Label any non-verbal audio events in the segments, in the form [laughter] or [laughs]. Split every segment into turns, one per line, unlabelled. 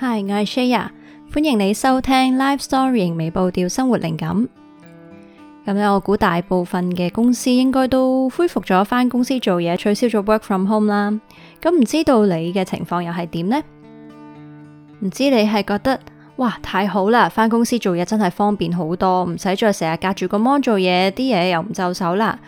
Hi，我係 Shaya，歡迎你收聽 Live Story 微步調生活靈感。咁咧，我估大部分嘅公司應該都恢復咗翻公司做嘢，取消咗 Work from Home 啦。咁唔知道你嘅情況又係點呢？唔知你係覺得哇，太好啦，翻公司做嘢真係方便好多，唔使再成日隔住個 mon 做嘢，啲嘢又唔就手啦。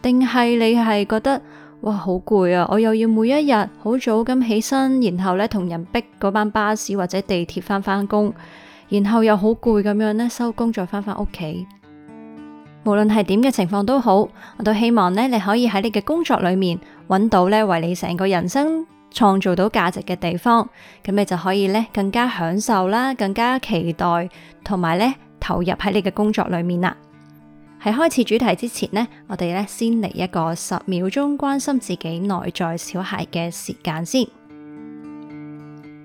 定係你係覺得？哇，好攰啊！我又要每一日好早咁起身，然後咧同人逼嗰班巴士或者地鐵翻翻工，然後又好攰咁樣咧收工再翻翻屋企。無論係點嘅情況都好，我都希望咧你可以喺你嘅工作裏面揾到咧為你成個人生創造到價值嘅地方，咁你就可以咧更加享受啦，更加期待，同埋咧投入喺你嘅工作裏面啦。喺開始主題之前呢，我哋呢先嚟一個十秒鐘關心自己內在小孩嘅時間先。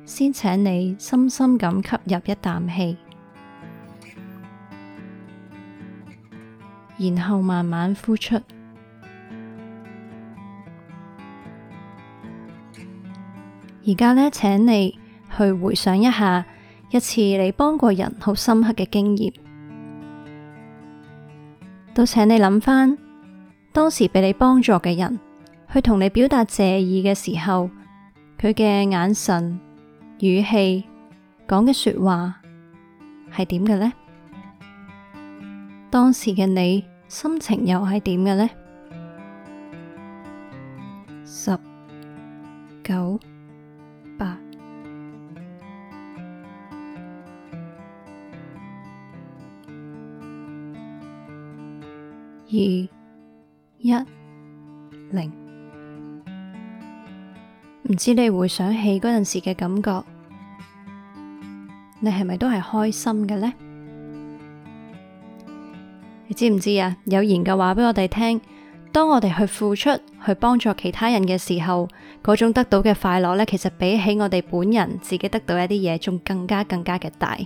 先請你深深咁吸入一啖氣，然後慢慢呼出。而家呢，請你去回想一下一次你幫過人好深刻嘅經驗。都請你諗翻當時畀你幫助嘅人，去同你表達謝意嘅時候，佢嘅眼神、語氣、講嘅說話係點嘅呢？當時嘅你心情又係點嘅呢？十九。二一零，唔知你回想起嗰陣時嘅感覺，你係咪都係開心嘅呢？你知唔知啊？有研究話俾我哋聽，當我哋去付出去幫助其他人嘅時候，嗰種得到嘅快樂呢，其實比起我哋本人自己得到一啲嘢，仲更加更加嘅大。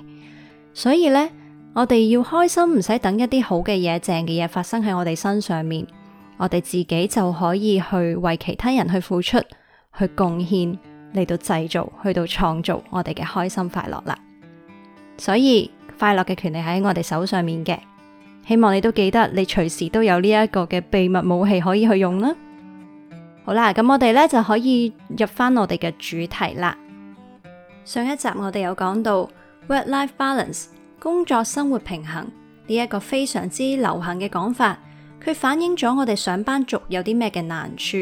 所以呢。我哋要開心，唔使等一啲好嘅嘢，正嘅嘢發生喺我哋身上面，我哋自己就可以去為其他人去付出，去貢獻，嚟到製造，去到創造我哋嘅開心快樂啦。所以快樂嘅權利喺我哋手上面嘅，希望你都記得，你隨時都有呢一個嘅秘密武器可以去用啦。好啦，咁我哋呢就可以入翻我哋嘅主題啦。上一集我哋有講到 work-life [music] balance。工作生活平衡呢一個非常之流行嘅講法，佢反映咗我哋上班族有啲咩嘅難處，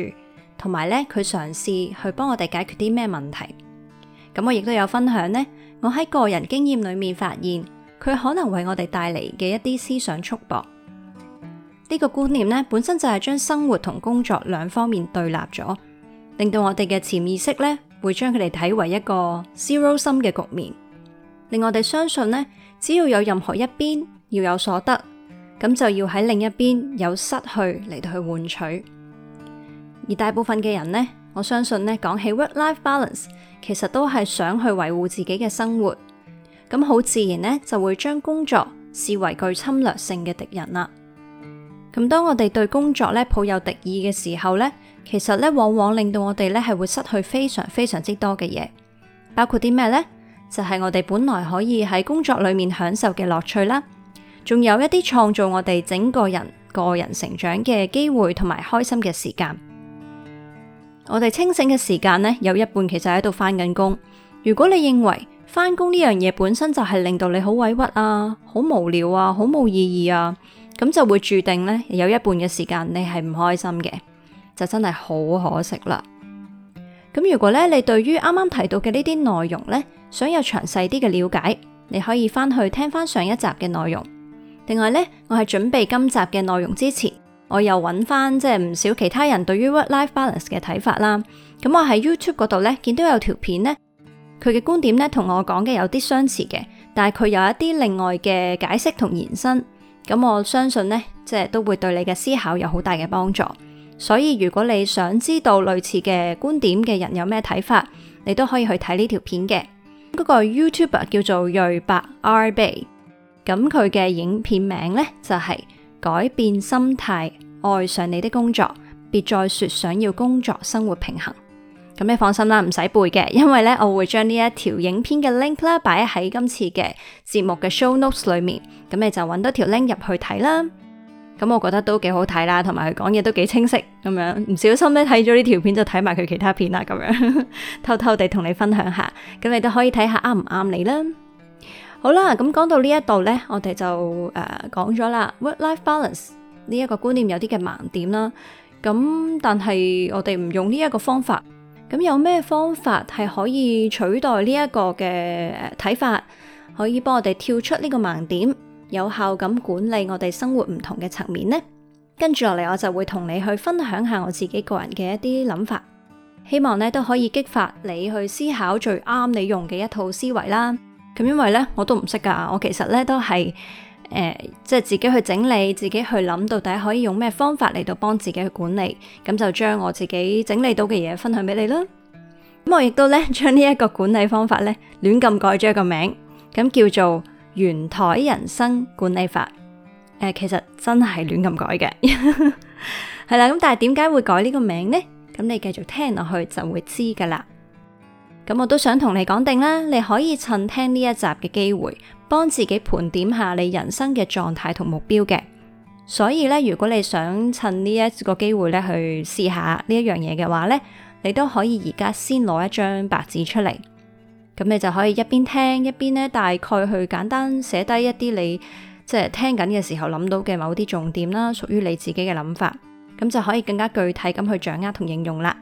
同埋咧佢嘗試去幫我哋解決啲咩問題。咁我亦都有分享咧，我喺個人經驗裏面發現，佢可能為我哋帶嚟嘅一啲思想束縛，呢個觀念咧，本身就係將生活同工作兩方面對立咗，令到我哋嘅潛意識咧會將佢哋睇為一個 zero sum 嘅局面，令我哋相信咧，只要有任何一邊要有所得，咁就要喺另一邊有失去嚟到去換取。而大部分嘅人呢，我相信呢，講起 work-life balance，其實都係想去維護自己嘅生活。咁好自然呢，就會將工作視為具侵略性嘅敵人啦。咁當我哋對工作呢抱有敵意嘅時候呢，其實呢往往令到我哋呢係會失去非常非常之多嘅嘢，包括啲咩呢？就係我哋本來可以喺工作裏面享受嘅樂趣啦，仲有一啲創造我哋整個人個人成長嘅機會，同埋開心嘅時間。我哋清醒嘅時間呢，有一半，其實喺度翻緊工。如果你認為翻工呢樣嘢本身就係令到你好委屈啊，好無聊啊，好冇意義啊，咁就會注定呢，有一半嘅時間你係唔開心嘅，就真係好可惜啦。咁如果咧你對於啱啱提到嘅呢啲內容呢，想有詳細啲嘅了解，你可以翻去聽翻上一集嘅內容。另外呢，我係準備今集嘅內容之前，我又揾翻即係唔少其他人對於 work-life balance 嘅睇法啦。咁我喺 YouTube 嗰度呢，見到有條片呢，佢嘅觀點呢同我講嘅有啲相似嘅，但係佢有一啲另外嘅解釋同延伸。咁我相信呢，即係都會對你嘅思考有好大嘅幫助。所以如果你想知道類似嘅觀點嘅人有咩睇法，你都可以去睇呢條片嘅。嗰個 YouTuber 叫做瑞白 RB，咁佢嘅影片名呢就係、是、改變心態愛上你的工作，別再說想要工作生活平衡。咁你放心啦，唔使背嘅，因為呢，我會將呢一條影片嘅 link 啦擺喺今次嘅節目嘅 show notes 裏面，咁你就揾多條 link 入去睇啦。咁我覺得都幾好睇啦，同埋佢講嘢都幾清晰咁樣，唔小心咧睇咗呢條片就睇埋佢其他片啦，咁樣呵呵，偷偷地同你分享下，咁你都可以睇下啱唔啱你啦。好啦，咁講到呢一度呢，我哋就誒講咗啦，Work-Life Balance 呢一個觀念有啲嘅盲點啦。咁但係我哋唔用呢一個方法，咁有咩方法係可以取代呢一個嘅睇法，可以幫我哋跳出呢個盲點？有效咁管理我哋生活唔同嘅層面呢？跟住落嚟，我就會同你去分享下我自己個人嘅一啲諗法，希望呢都可以激發你去思考最啱你用嘅一套思維啦。咁因為呢，我都唔識噶，我其實呢都係誒，即係自己去整理，自己去諗到底可以用咩方法嚟到幫自己去管理。咁就將我自己整理到嘅嘢分享俾你啦。咁我亦都呢將呢一個管理方法呢亂咁改咗一個名，咁叫做，圓檯人生管理法，誒、呃，其實真係亂咁改嘅，係 [laughs] 啦，咁但係點解會改呢個名呢？咁你繼續聽落去就會知噶啦。咁我都想同你講定啦，你可以趁聽呢一集嘅機會，幫自己盤點下你人生嘅狀態同目標嘅。所以咧，如果你想趁呢一個機會咧去試下呢一樣嘢嘅話咧，你都可以而家先攞一張白紙出嚟。咁你就可以一邊聽一邊咧，大概去簡單寫低一啲你即係聽緊嘅時候諗到嘅某啲重點啦，屬於你自己嘅諗法，咁就可以更加具體咁去掌握同應用啦。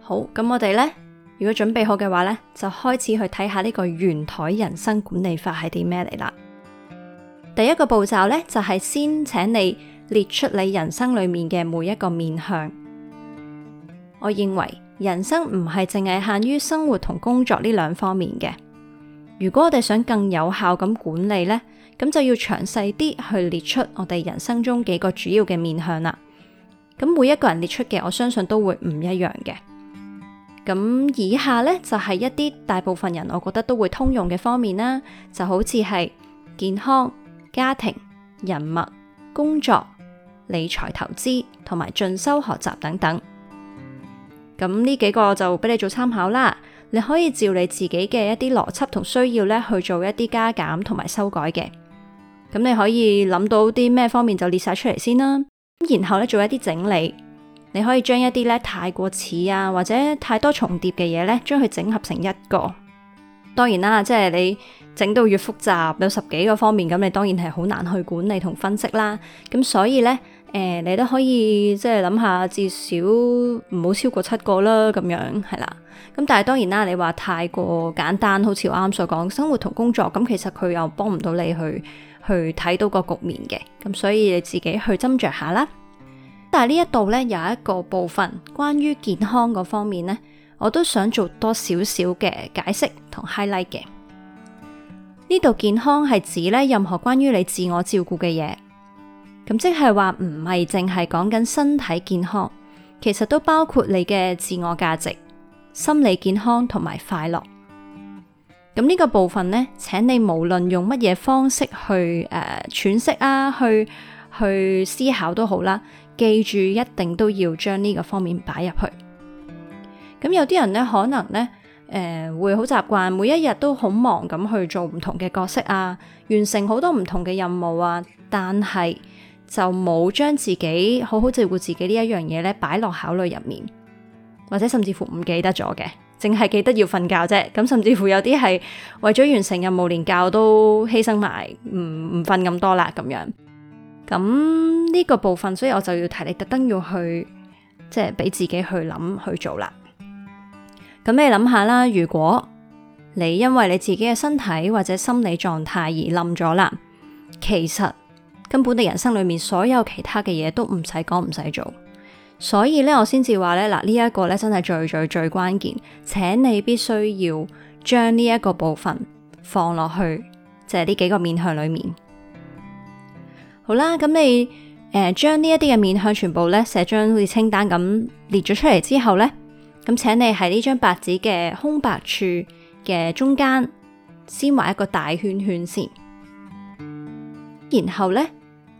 好，咁我哋咧，如果準備好嘅話咧，就開始去睇下呢個圓台人生管理法係啲咩嚟？啦。第一個步驟咧，就係、是、先請你列出你人生裏面嘅每一個面向。我認為。人生唔係淨係限於生活同工作呢兩方面嘅。如果我哋想更有效咁管理呢，咁就要詳細啲去列出我哋人生中幾個主要嘅面向啦。咁每一個人列出嘅，我相信都會唔一樣嘅。咁以下呢，就係一啲大部分人我覺得都會通用嘅方面啦，就好似係健康、家庭、人脈、工作、理財、投資同埋進修學習等等。咁呢幾個就俾你做參考啦，你可以照你自己嘅一啲邏輯同需要咧去做一啲加減同埋修改嘅。咁你可以諗到啲咩方面就列晒出嚟先啦，然後咧做一啲整理，你可以將一啲咧太過似啊或者太多重疊嘅嘢咧，將佢整合成一個。當然啦，即係你整到越複雜，有十幾個方面，咁你當然係好難去管理同分析啦。咁所以咧。誒、嗯，你都可以即係諗下，至少唔好超過七個啦，咁樣係啦。咁但係當然啦，你話太過簡單，好似我啱所講，生活同工作，咁其實佢又幫唔到你去去睇到個局面嘅。咁所以你自己去斟酌下啦。但係呢一度呢，有一個部分關於健康嗰方面呢，我都想做多少少嘅解釋同 highlight 嘅。呢度健康係指呢任何關於你自我照顧嘅嘢。咁即係話唔係淨係講緊身體健康，其實都包括你嘅自我價值、心理健康同埋快樂。咁呢個部分呢，請你無論用乜嘢方式去誒詮釋啊，去去思考都好啦。記住，一定都要將呢個方面擺入去。咁有啲人呢，可能呢誒、呃、會好習慣，每一日都好忙咁去做唔同嘅角色啊，完成好多唔同嘅任務啊，但係。就冇將自己好好照顧自己呢一樣嘢咧擺落考慮入面，或者甚至乎唔記得咗嘅，淨係記得要瞓覺啫。咁甚至乎有啲係為咗完成任務，連覺都犧牲埋，唔唔瞓咁多啦。咁樣咁呢個部分，所以我就要提你特登要去，即係俾自己去諗去做啦。咁你諗下啦，如果你因為你自己嘅身體或者心理狀態而冧咗啦，其實。根本的人生裏面所有其他嘅嘢都唔使講，唔使做，所以咧，我先至話咧嗱，這個、呢一個咧真係最最最關鍵，請你必須要將呢一個部分放落去，就係、是、呢幾個面向裏面。好啦，咁你誒、呃、將呢一啲嘅面向全部咧寫張好似清單咁列咗出嚟之後咧，咁請你喺呢張白紙嘅空白處嘅中間先畫一個大圈圈先，然後咧。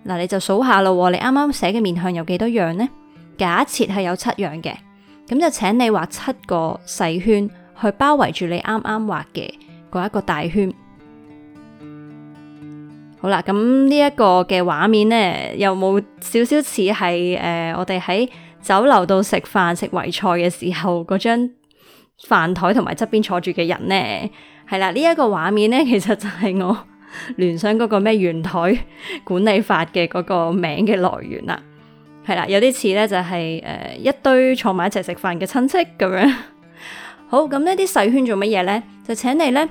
嗱，你就數下咯。你啱啱寫嘅面向有幾多樣呢？假設係有七樣嘅，咁就請你畫七個細圈去包圍住你啱啱畫嘅嗰一個大圈。好啦，咁呢一個嘅畫面呢，有冇少少似係誒我哋喺酒樓度食飯食圍菜嘅時候嗰張飯台同埋側邊坐住嘅人呢？係啦，呢一個畫面呢，其實就係我。 [laughs] [laughs] 聯想嗰個咩圓台管理法嘅嗰個名嘅來源啦，係 [laughs] 啦，有啲似咧就係、是、誒、呃、一堆坐埋一齊食飯嘅親戚咁樣。 [laughs] 好，咁呢啲細圈做乜嘢咧？就請你咧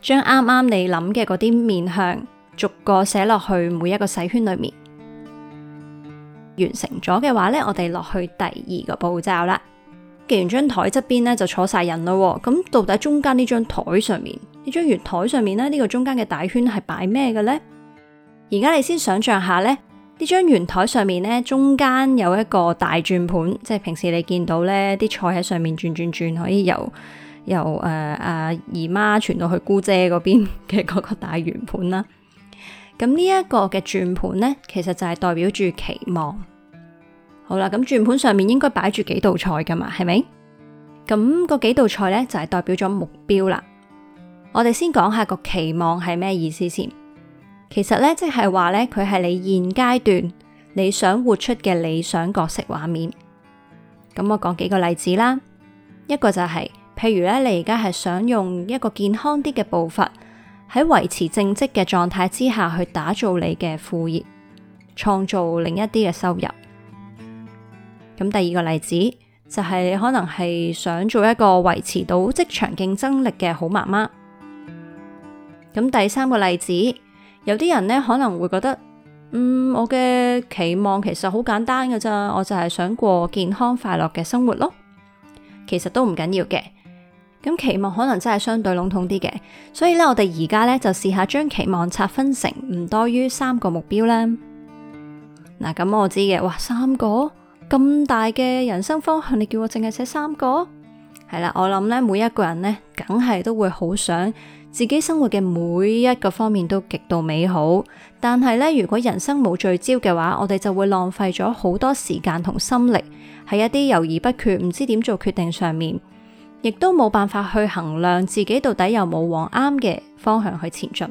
將啱啱你諗嘅嗰啲面向逐個寫落去每一個細圈裡面。完成咗嘅話咧，我哋落去第二個步驟啦。既然張台側邊咧就坐晒人咯，咁到底中間呢張台上面？呢張圓台上面咧，呢、這個中間嘅大圈係擺咩嘅咧？而家你先想象下咧，呢張圓台上面咧，中間有一個大轉盤，即係平時你見到咧啲菜喺上面轉轉轉，可以由由誒誒、呃啊、姨媽傳到去姑姐嗰邊嘅嗰個大圓盤啦。咁呢一個嘅轉盤咧，其實就係代表住期望。好啦，咁轉盤上面應該擺住幾道菜噶嘛，係咪？咁、那、嗰、個、幾道菜咧就係、是、代表咗目標啦。我哋先講下個期望係咩意思先。其實呢，即係話呢，佢係你現階段你想活出嘅理想角色畫面。咁我講幾個例子啦。一個就係、是，譬如咧，你而家係想用一個健康啲嘅步伐，喺維持正職嘅狀態之下去打造你嘅副業，創造另一啲嘅收入。咁第二個例子就係、是、你可能係想做一個維持到職場競爭力嘅好媽媽。咁第三個例子，有啲人咧可能會覺得，嗯，我嘅期望其實好簡單嘅咋，我就係想過健康快樂嘅生活咯。其實都唔緊要嘅，咁期望可能真係相對籠統啲嘅。所以咧，我哋而家咧就試下將期望拆分成唔多於三個目標啦。嗱、啊，咁我知嘅，哇，三個咁大嘅人生方向，你叫我淨係寫三個，係啦，我諗咧每一個人咧，梗係都會好想自己生活嘅每一個方面都極度美好，但係咧，如果人生冇聚焦嘅話，我哋就會浪費咗好多時間同心力喺一啲猶豫不決、唔知點做決定上面，亦都冇辦法去衡量自己到底有冇往啱嘅方向去前進。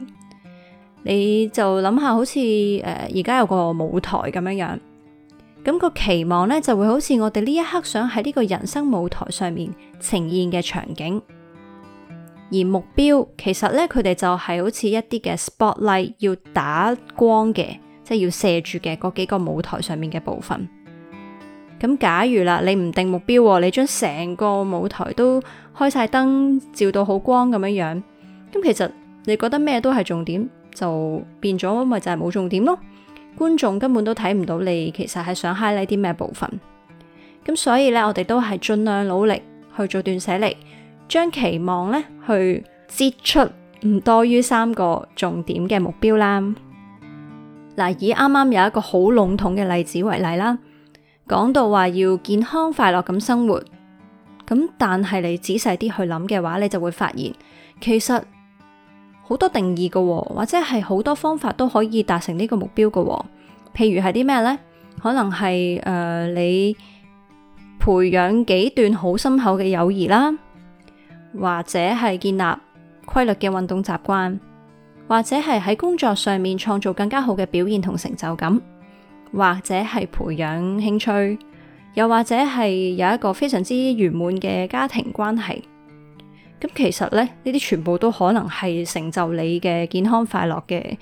你就諗下，好似誒而家有個舞台咁樣樣，咁個期望咧就會好似我哋呢一刻想喺呢個人生舞台上面呈現嘅場景。而目標其實咧，佢哋就係好似一啲嘅 spotlight，要打光嘅，即係要射住嘅嗰幾個舞台上面嘅部分。咁假如啦，你唔定目標，你將成個舞台都開晒燈，照到好光咁樣樣，咁其實你覺得咩都係重點，就變咗咪就係、是、冇重點咯。觀眾根本都睇唔到你，其實係想 highlight 啲咩部分。咁所以咧，我哋都係盡量努力去做斷捨離。將期望咧去截出唔多於三個重點嘅目標啦。嗱、啊，以啱啱有一個好籠統嘅例子為例啦，講到話要健康快樂咁生活，咁但係你仔細啲去諗嘅話，你就會發現其實好多定義嘅、哦，或者係好多方法都可以達成呢個目標嘅、哦。譬如係啲咩呢？可能係誒、呃，你培養幾段好深厚嘅友誼啦。或者係建立規律嘅運動習慣，或者係喺工作上面創造更加好嘅表現同成就感，或者係培養興趣，又或者係有一個非常之圓滿嘅家庭關係。咁其實咧，呢啲全部都可能係成就你嘅健康快樂嘅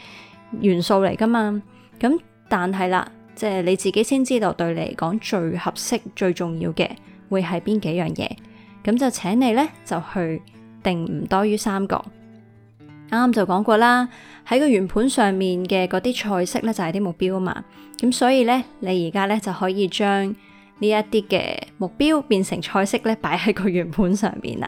元素嚟噶嘛。咁但係啦，即係你自己先知道對你嚟講最合適最重要嘅會係邊幾樣嘢。咁就請你咧，就去定唔多於三個。啱啱就講過啦，喺個圓盤上面嘅嗰啲菜式咧，就係啲目標啊嘛。咁所以咧，你而家咧就可以將呢一啲嘅目標變成菜式咧，擺喺個圓盤上面啦。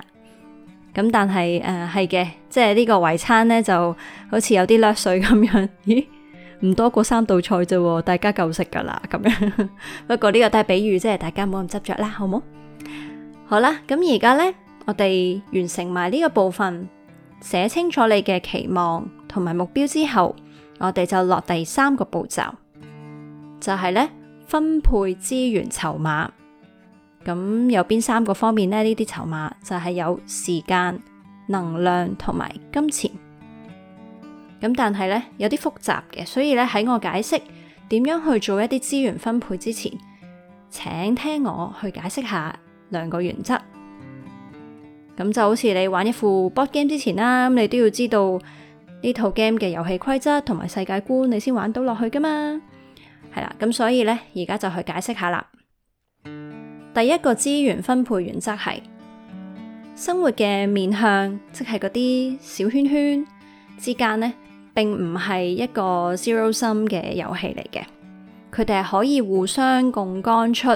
咁但係誒，係嘅，即係呢個圍餐咧，就好似有啲掠水咁樣。咦？唔多過三道菜啫喎，大家夠食噶啦。咁樣，不過呢個都係比喻，即係大家唔好咁執著啦，好冇？好啦，咁而家呢，我哋完成埋呢個部分，寫清楚你嘅期望同埋目標之後，我哋就落第三個步驟，就係呢，分配資源籌碼。咁有邊三個方面呢？呢啲籌碼就係有時間、能量同埋金錢。咁但係呢，有啲複雜嘅，所以呢，喺我解釋點樣去做一啲資源分配之前，請聽我去解釋下。兩個原則，咁就好似你玩一副 board game 之前啦，咁你都要知道呢套 game 嘅遊戲規則同埋世界觀，你先玩到落去噶嘛。係啦，咁所以呢，而家就去解釋下啦。第一個資源分配原則係生活嘅面向，即係嗰啲小圈圈之間呢，並唔係一個 zero sum 嘅、um、遊戲嚟嘅，佢哋係可以互相共鳴出。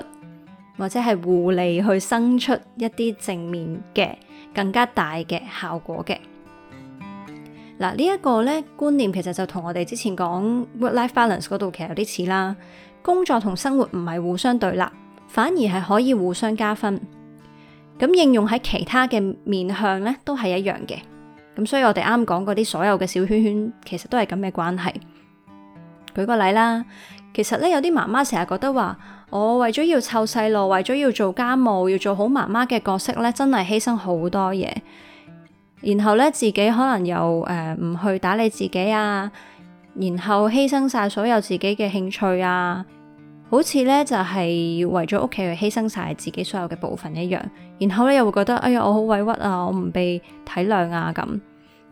或者係互利去生出一啲正面嘅更加大嘅效果嘅。嗱、啊，這個、呢一個咧，觀念其實就同我哋之前講 [music] work-life balance 嗰度，其實有啲似啦。工作同生活唔係互相對立，反而係可以互相加分。咁應用喺其他嘅面向咧都係一樣嘅。咁所以我哋啱講嗰啲所有嘅小圈圈其實都係咁嘅關係。舉個例啦。其實咧，有啲媽媽成日覺得話，我為咗要湊細路，為咗要做家務，要做好媽媽嘅角色咧，真係犧牲好多嘢。然後咧，自己可能又誒唔、呃、去打理自己啊，然後犧牲晒所有自己嘅興趣啊，好似咧就係、是、為咗屋企而犧牲晒自己所有嘅部分一樣。然後咧又會覺得，哎呀，我好委屈啊，我唔被體諒啊，咁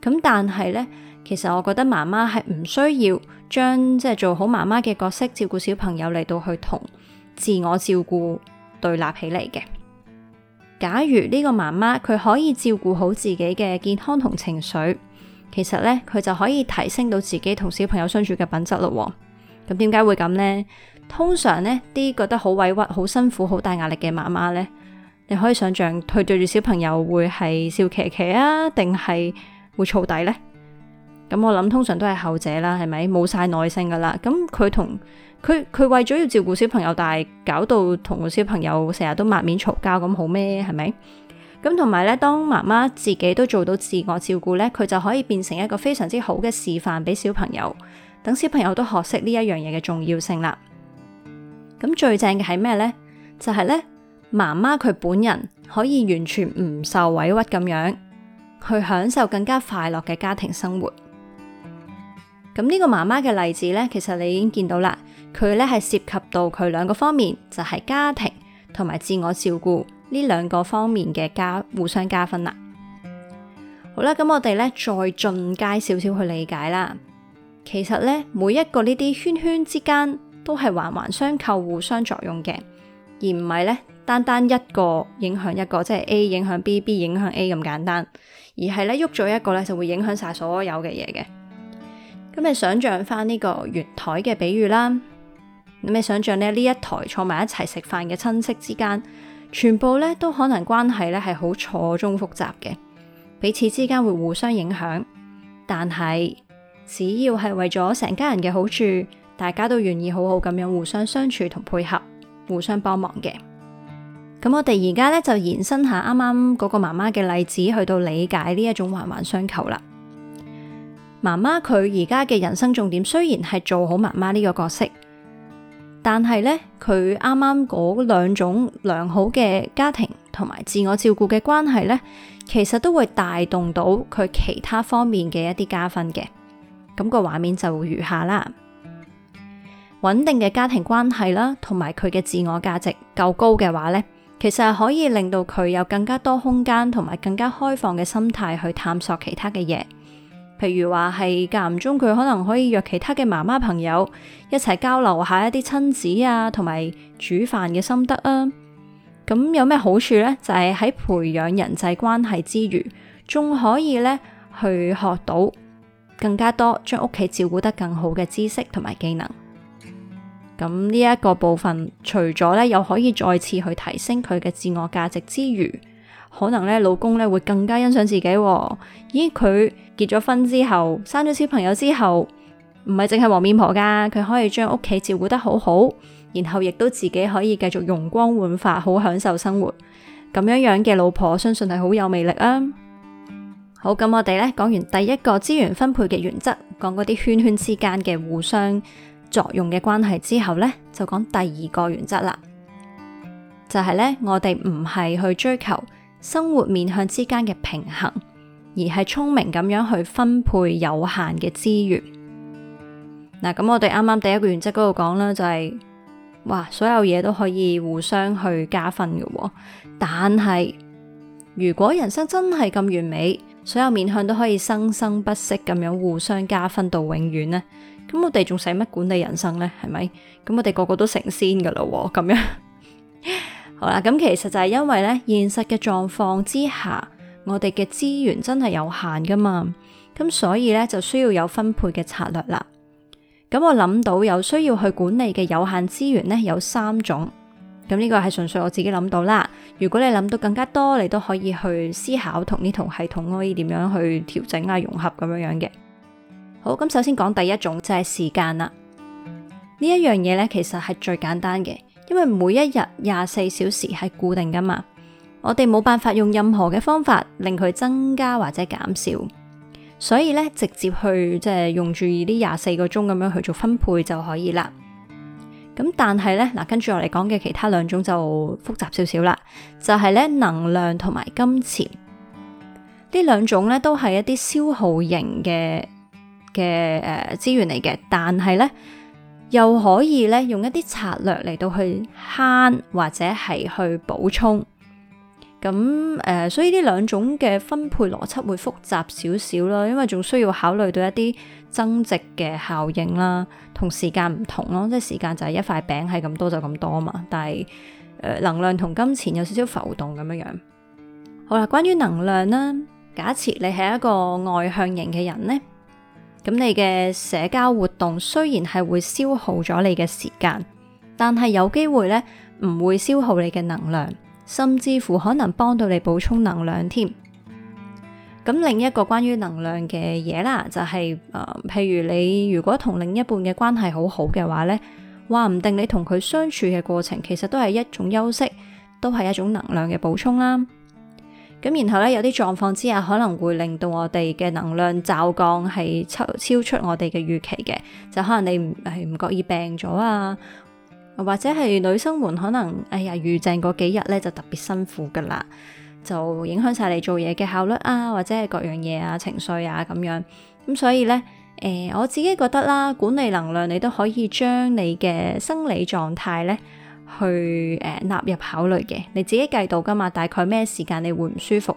咁但係咧。其實我覺得媽媽係唔需要將即係做好媽媽嘅角色照顧小朋友嚟，到去同自我照顧對立起嚟嘅。假如呢個媽媽佢可以照顧好自己嘅健康同情緒，其實呢，佢就可以提升到自己同小朋友相處嘅品質咯。咁點解會咁呢？通常呢啲覺得好委屈、好辛苦、好大壓力嘅媽媽呢，你可以想象佢對住小朋友會係笑琪琪啊，定係會燥底呢？咁我諗通常都係後者啦，係咪冇晒耐性噶啦？咁佢同佢佢為咗要照顧小朋友，但係搞到同個小朋友成日都抹面嘈交咁好咩？係咪？咁同埋咧，當媽媽自己都做到自我照顧咧，佢就可以變成一個非常之好嘅示範俾小朋友，等小朋友都學識呢一樣嘢嘅重要性啦。咁最正嘅係咩咧？就係、是、咧，媽媽佢本人可以完全唔受委屈咁樣，去享受更加快樂嘅家庭生活。咁呢個媽媽嘅例子呢，其實你已經見到啦，佢呢係涉及到佢兩個方面，就係家庭同埋自我照顧呢兩個方面嘅加互相加分啦。好啦，咁我哋呢再進階少少去理解啦。其實呢，每一個呢啲圈圈之間都係環環相扣、互相作用嘅，而唔係呢單單一個影響一個，即係 A 影響 B，B 影響 A 咁簡單，而係呢喐咗一個呢就會影響晒所有嘅嘢嘅。咁你想象翻呢個圓檯嘅比喻啦，咁你想象咧呢一檯坐埋一齊食飯嘅親戚之間，全部咧都可能關係咧係好錯綜複雜嘅，彼此之間會互相影響。但係只要係為咗成家人嘅好處，大家都願意好好咁樣互相相處同配合，互相幫忙嘅。咁我哋而家咧就延伸下啱啱嗰個媽媽嘅例子，去到理解呢一種環環相扣啦。媽媽佢而家嘅人生重點雖然係做好媽媽呢個角色，但係呢，佢啱啱嗰兩種良好嘅家庭同埋自我照顧嘅關係呢，其實都會帶動到佢其他方面嘅一啲加分嘅。咁個畫面就會如下啦：穩定嘅家庭關係啦，同埋佢嘅自我價值夠高嘅話呢，其實係可以令到佢有更加多空間同埋更加開放嘅心態去探索其他嘅嘢。譬如話係間唔中，佢可能可以約其他嘅媽媽朋友一齊交流下一啲親子啊，同埋煮飯嘅心得啊。咁有咩好處呢？就係喺培養人際關係之餘，仲可以咧去學到更加多將屋企照顧得更好嘅知識同埋技能。咁呢一個部分，除咗咧又可以再次去提升佢嘅自我價值之餘，可能咧，老公咧會更加欣賞自己喎。咦，佢結咗婚之後，生咗小朋友之後，唔係淨係黃面婆噶，佢可以將屋企照顧得好好，然後亦都自己可以繼續容光煥發，好享受生活。咁樣樣嘅老婆，相信係好有魅力啊！好，咁我哋咧講完第一個資源分配嘅原則，講嗰啲圈圈之間嘅互相作用嘅關係之後咧，就講第二個原則啦，就係咧，我哋唔係去追求生活面向之間嘅平衡，而係聰明咁樣去分配有限嘅資源。嗱、啊，咁我哋啱啱第一個原則嗰度講啦，就係、是、哇，所有嘢都可以互相去加分嘅、哦。但係如果人生真係咁完美，所有面向都可以生生不息咁樣互相加分到永遠呢？咁我哋仲使乜管理人生呢？係咪？咁我哋個個都成仙噶啦、哦？咁樣。 [laughs] 好啦，咁其實就係因為咧，現實嘅狀況之下，我哋嘅資源真係有限噶嘛，咁所以咧就需要有分配嘅策略啦。咁我諗到有需要去管理嘅有限資源咧有三種，咁呢個係純粹我自己諗到啦。如果你諗到更加多，你都可以去思考同呢套系統可以點樣去調整啊、融合咁樣樣嘅。好，咁首先講第一種就係時間啦，呢一樣嘢咧其實係最簡單嘅。因為每一日廿四小時係固定噶嘛，我哋冇辦法用任何嘅方法令佢增加或者減少，所以咧直接去即係用注意呢廿四個鐘咁樣去做分配就可以啦。咁但係咧嗱，跟住我嚟講嘅其他兩種就複雜少少啦，就係咧能量同埋金錢呢兩種咧都係一啲消耗型嘅嘅誒資源嚟嘅，但係咧。又可以咧用一啲策略嚟到去慳，或者係去補充，咁誒、呃，所以呢兩種嘅分配邏輯會複雜少少啦，因為仲需要考慮到一啲增值嘅效應啦，時間同時間唔同咯，即係時間就係一塊餅係咁多就咁多嘛，但係、呃、能量同金錢有少少浮動咁樣樣。好啦，關於能量咧，假設你係一個外向型嘅人呢。咁你嘅社交活動雖然係會消耗咗你嘅時間，但係有機會咧唔會消耗你嘅能量，甚至乎可能幫到你補充能量添。咁另一個關於能量嘅嘢啦，就係呃，譬如你如果同另一半嘅關係好好嘅話咧，話唔定你同佢相處嘅過程，其實都係一種休息，都係一種能量嘅補充啦。咁然後咧，有啲狀況之下可能會令到我哋嘅能量驟降，係超超出我哋嘅預期嘅，就可能你唔係唔覺意病咗啊，或者係女生們可能哎呀預症嗰幾日咧就特別辛苦噶啦，就影響晒你做嘢嘅效率啊，或者係各樣嘢啊、情緒啊咁樣。咁所以咧，誒、呃、我自己覺得啦，管理能量你都可以將你嘅生理狀態咧，去誒納、呃、入考慮嘅，你自己計到㗎嘛？大概咩時間你會唔舒服？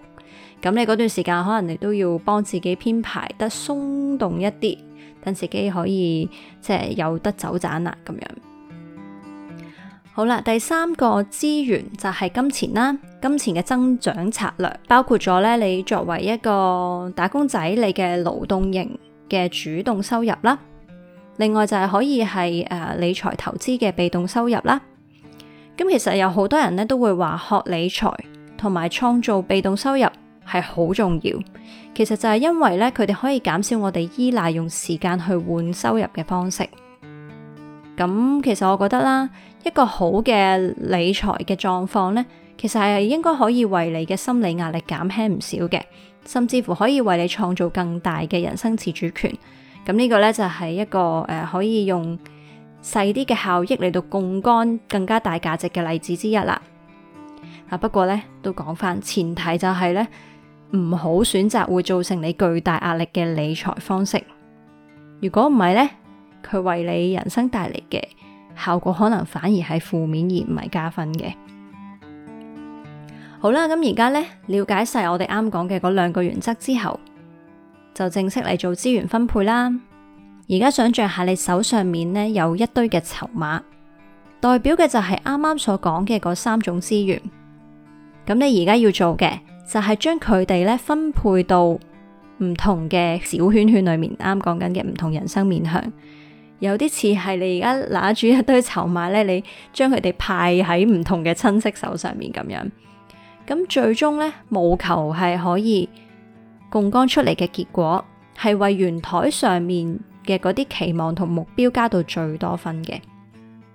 咁你嗰段時間可能你都要幫自己編排得鬆動一啲，等自己可以即係有得走盞啦咁樣。好啦，第三個資源就係金錢啦。金錢嘅增長策略包括咗咧，你作為一個打工仔，你嘅勞動型嘅主動收入啦，另外就係可以係誒、呃、理財投資嘅被動收入啦。咁其實有好多人咧都會話學理財同埋創造被動收入係好重要，其實就係因為咧佢哋可以減少我哋依賴用時間去換收入嘅方式。咁其實我覺得啦，一個好嘅理財嘅狀況咧，其實係應該可以為你嘅心理壓力減輕唔少嘅，甚至乎可以為你創造更大嘅人生自主權。咁呢個咧就係一個誒、呃、可以用細啲嘅效益嚟到槓桿更加大價值嘅例子之一啦。啊，不過咧都講返，前提就係咧唔好選擇會造成你巨大壓力嘅理財方式。如果唔係咧，佢為你人生帶嚟嘅效果可能反而係負面而唔係加分嘅。好啦，咁而家咧了解晒我哋啱講嘅嗰兩個原則之後，就正式嚟做資源分配啦。而家想象下，你手上面咧有一堆嘅籌碼，代表嘅就係啱啱所講嘅嗰三種資源。咁你而家要做嘅就係將佢哋咧分配到唔同嘅小圈圈裏面，啱講緊嘅唔同人生面向。有啲似係你而家拿住一堆籌碼咧，你將佢哋派喺唔同嘅親戚手上面咁樣。咁最終咧，務求係可以槓桿出嚟嘅結果，係為圓台上面嘅嗰啲期望同目標加到最多分嘅，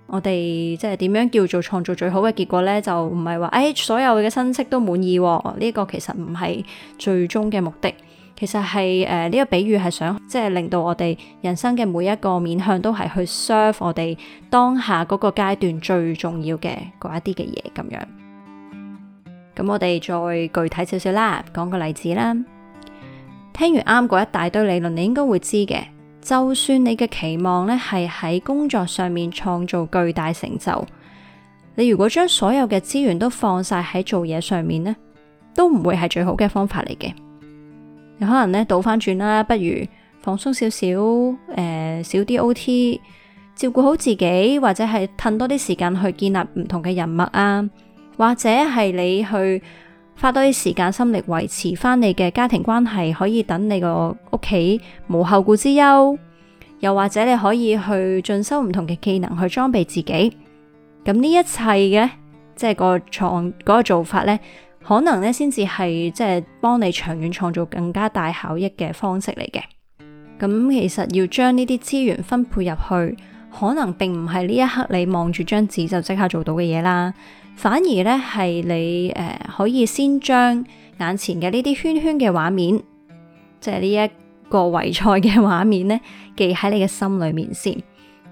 我哋即係點樣叫做創造最好嘅結果咧？就唔係話誒，所有嘅親戚都滿意喎，呢個其實唔係最終嘅目的。其實係誒呢個比喻係想即係令到我哋人生嘅每一個面向都係去 serve 我哋當下嗰個階段最重要嘅嗰一啲嘅嘢咁樣。咁我哋再具體少少啦，講個例子啦。聽完啱嗰一大堆理論，你應該會知嘅。就算你嘅期望咧，係喺工作上面創造巨大成就，你如果將所有嘅資源都放晒喺做嘢上面咧，都唔會係最好嘅方法嚟嘅。你可能咧倒翻轉啦，不如放鬆、呃、少少，誒少啲 OT，照顧好自己，或者係褪多啲時間去建立唔同嘅人脈啊，或者係你去。花多啲時間心力維持翻你嘅家庭關係，可以等你個屋企無後顧之憂，又或者你可以去進修唔同嘅技能去裝備自己。咁呢一切嘅，即係個創嗰個做法呢，可能呢先至係即係幫你長遠創造更加大效益嘅方式嚟嘅。咁其實要將呢啲資源分配入去，可能並唔係呢一刻你望住張紙就即刻做到嘅嘢啦。反而咧，係你誒，可以先將眼前嘅呢啲圈圈嘅畫面，即係呢一個圍賽嘅畫面咧，記喺你嘅心裏面先。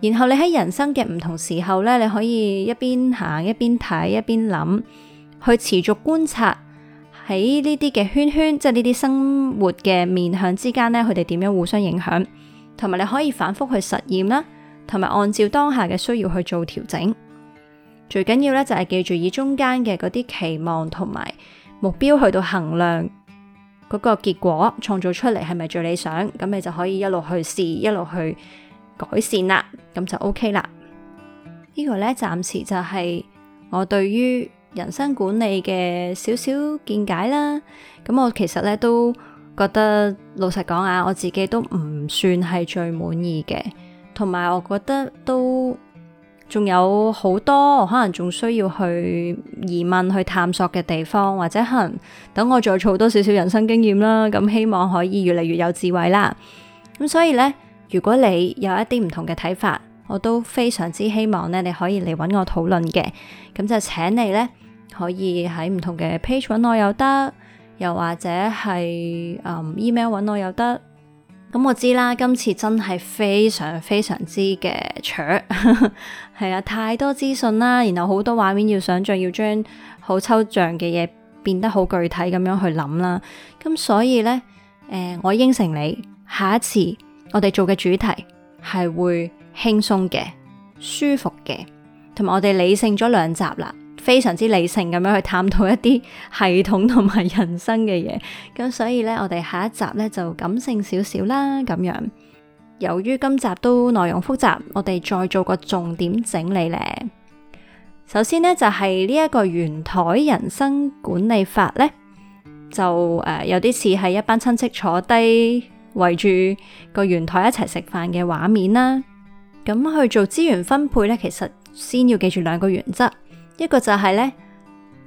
然後你喺人生嘅唔同時候咧，你可以一邊行一邊睇一邊諗，去持續觀察喺呢啲嘅圈圈，即係呢啲生活嘅面向之間咧，佢哋點樣互相影響，同埋你可以反覆去實驗啦，同埋按照當下嘅需要去做調整。最緊要咧，就係記住以中間嘅嗰啲期望同埋目標去到衡量嗰個結果，創造出嚟係咪最理想，咁你就可以一路去試，一路去改善啦，咁就 OK 啦。這個、呢個咧，暫時就係我對於人生管理嘅少少見解啦。咁我其實咧都覺得老實講啊，我自己都唔算係最滿意嘅，同埋我覺得都。仲有好多可能，仲需要去疑問、去探索嘅地方，或者可能等我再儲多少少人生經驗啦。咁希望可以越嚟越有智慧啦。咁所以咧，如果你有一啲唔同嘅睇法，我都非常之希望咧，你可以嚟揾我討論嘅。咁就請你咧，可以喺唔同嘅 page 揾我又得，又或者係、嗯、email 揾我又得。咁、嗯、我知啦，今次真係非常非常之嘅 chur，係啊，太多資訊啦，然後好多畫面要想象，要將好抽象嘅嘢變得好具體咁樣去諗啦。咁、嗯、所以呢，呃、我應承你，下一次我哋做嘅主題係會輕鬆嘅、舒服嘅，同埋我哋理性咗兩集啦。非常之理性咁樣去探討一啲系統同埋人生嘅嘢，咁所以咧，我哋下一集咧就感性少少啦。咁樣，由於今集都內容複雜，我哋再做個重點整理咧。首先呢，就係呢一個圓台人生管理法咧，就誒、呃、有啲似係一班親戚坐低圍住個圓台一齊食飯嘅畫面啦。咁去做資源分配咧，其實先要記住兩個原則。一個就係咧，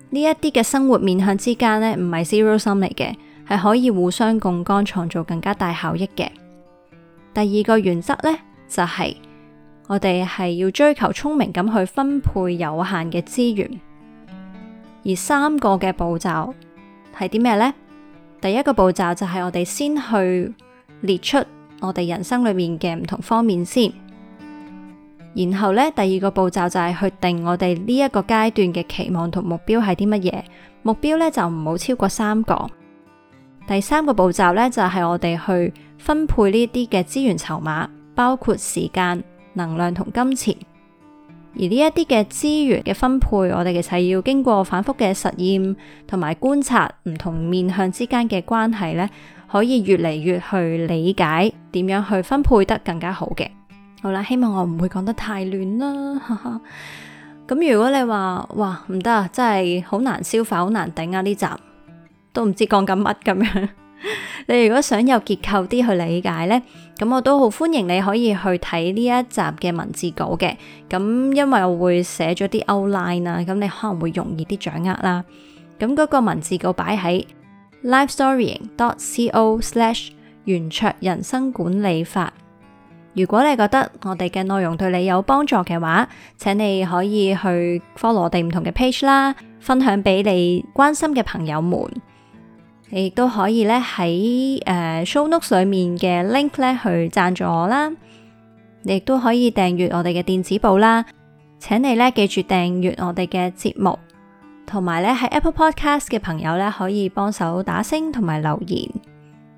呢一啲嘅生活面向之間咧，唔係 zero sum 嚟嘅，係、um、可以互相共干，創造更加大效益嘅。第二個原則咧，就係、是、我哋係要追求聰明咁去分配有限嘅資源。而三個嘅步驟係啲咩咧？第一個步驟就係我哋先去列出我哋人生裏面嘅唔同方面先。然後咧，第二個步驟就係決定我哋呢一個階段嘅期望同目標係啲乜嘢。目標咧就唔好超過三個。第三個步驟咧就係我哋去分配呢啲嘅資源籌碼，包括時間、能量同金錢。而呢一啲嘅資源嘅分配，我哋其實要經過反覆嘅實驗同埋觀察，唔同面向之間嘅關係咧，可以越嚟越去理解點樣去分配得更加好嘅。好啦，希望我唔會講得太亂啦，咁如果你話哇唔得啊，真係好難消化，好難頂啊，呢集都唔知講緊乜咁樣。你如果想有結構啲去理解呢，咁我都好歡迎你可以去睇呢一集嘅文字稿嘅。咁因為我會寫咗啲 outline 啦，咁你可能會容易啲掌握啦。咁嗰個文字稿擺喺 live storying dot c o slash 圓桌人生管理法。如果你覺得我哋嘅內容對你有幫助嘅話，請你可以去 follow 我哋唔同嘅 page 啦，分享俾你關心嘅朋友們。你亦都可以咧喺誒、呃、Show Notes 裏面嘅 link 咧去贊助我啦。你亦都可以訂閱我哋嘅電子報啦。請你咧記住訂閱我哋嘅節目，同埋咧喺 Apple Podcast 嘅朋友咧可以幫手打聲同埋留言。